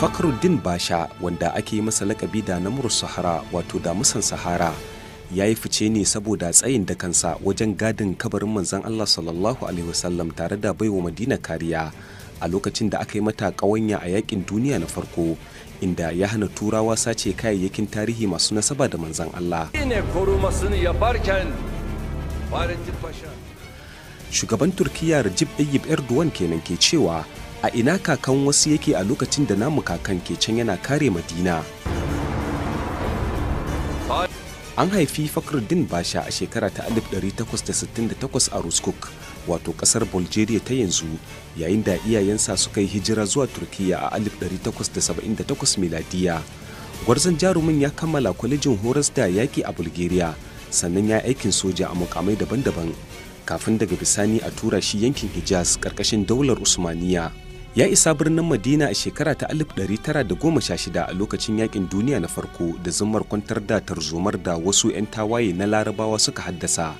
Fakhruddin Basha wanda ake masa lakabi da namur Sahara wato damusan Sahara ya yi fice ne saboda tsayin da kansa wajen gadin kabarin Manzan Allah sallallahu alaihi wasallam tare da baiwa Madina kariya a lokacin da aka yi mata kawanya a yakin duniya na farko inda ya hana turawa sace kayayyakin tarihi masu nasaba da Manzan Allah. Shugaban Turkiyya rajib ayyub Erdogan kenan ke cewa a ina kakan wasu yake a lokacin da namu kakan ke can yana kare madina an haifi fakruddin basha a shekara ta 1868 a ruskuk wato kasar bulgaria ta yanzu yayin da iyayensa suka yi hijira zuwa turkiya a 1878 miladiya gwarzon jarumin ya kammala kwalejin horas da yaƙi a bulgaria sannan ya aikin soja a mukamai daban-daban kafin daga bisani a tura shi yankin hijaz ƙarƙashin daular usmaniya ya isa birnin madina a shekara ta 1916 a lokacin yakin duniya na farko da zumar kwantar da tarzomar da wasu 'yan tawaye na larabawa suka haddasa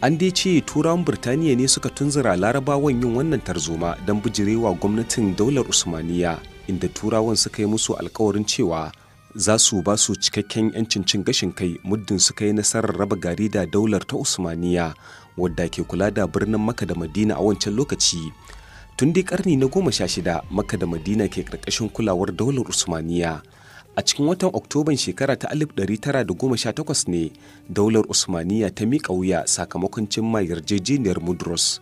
an dai ce turawan birtaniya ne suka tunzura larabawan yin wannan tarzoma don bijirewa gwamnatin daular usmaniya inda turawan suka yi musu alkawarin cewa za su ba su cikakken 'yancin cin gashin kai muddin suka yi nasarar raba gari da daular ta usmaniya wadda ke kula da birnin maka da madina a wancan lokaci tun dai karni na goma sha shida makka da madina ke karkashin kulawar daular usmaniya a cikin watan oktoban shekara ta alif tara da goma sha takwas ne daular usmaniya ta miƙa wuya sakamakon cimma yarjejeniyar mudros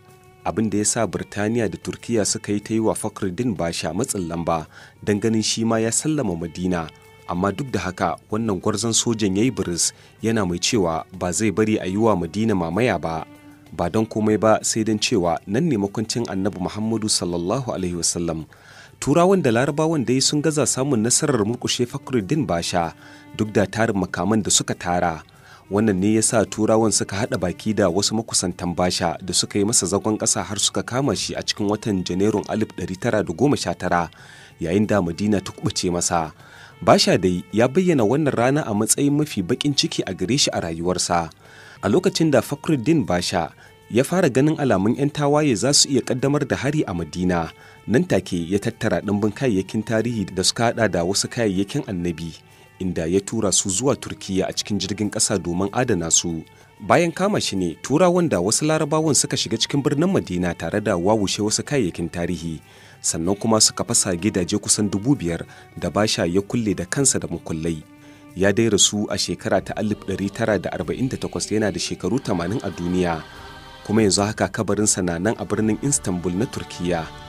abin da ya sa birtaniya da turkiya suka yi ta yi wa fakhruddin basha matsin lamba don ganin shi ma ya sallama madina amma duk da haka wannan gwarzon sojan ya yi biris yana mai cewa ba zai bari a yi wa madina mamaya ba ba don komai ba sai don cewa nan ne makwancin annabi muhammadu sallallahu alaihi wasallam turawan da larabawan dai sun gaza samun nasarar murkushe fakhruddin basha duk da tarin makaman da suka tara wannan ne yasa turawan suka haɗa baki da wasu makusantan basha da suka yi masa zagon ƙasa har suka kama shi a cikin watan janairun 1919 yayin da madina ta kubuce masa basha dai ya bayyana wannan rana a matsayin mafi baƙin ciki a gare shi a rayuwarsa a lokacin da Fakhruddin Basha ya fara ganin alamun 'yan tawaye za su iya kaddamar da hari a Madina, nan take ya tattara ɗimbin kayayyakin tarihi da suka hada da wasu kayayyakin annabi, inda ya tura su zuwa Turkiya a cikin jirgin ƙasa domin adana su. Bayan kama shi ne, turawan da wasu larabawan suka shiga cikin birnin Madina tare da wawushe wasu kayayyakin tarihi, sannan kuma suka fasa gidaje kusan dubu biyar da Basha ya kulle da kansa da mukullai. ya dai rasu a shekara ta 1948 yana da shekaru 80 a duniya kuma yanzu haka kabarinsa na nan a birnin istanbul na turkiyya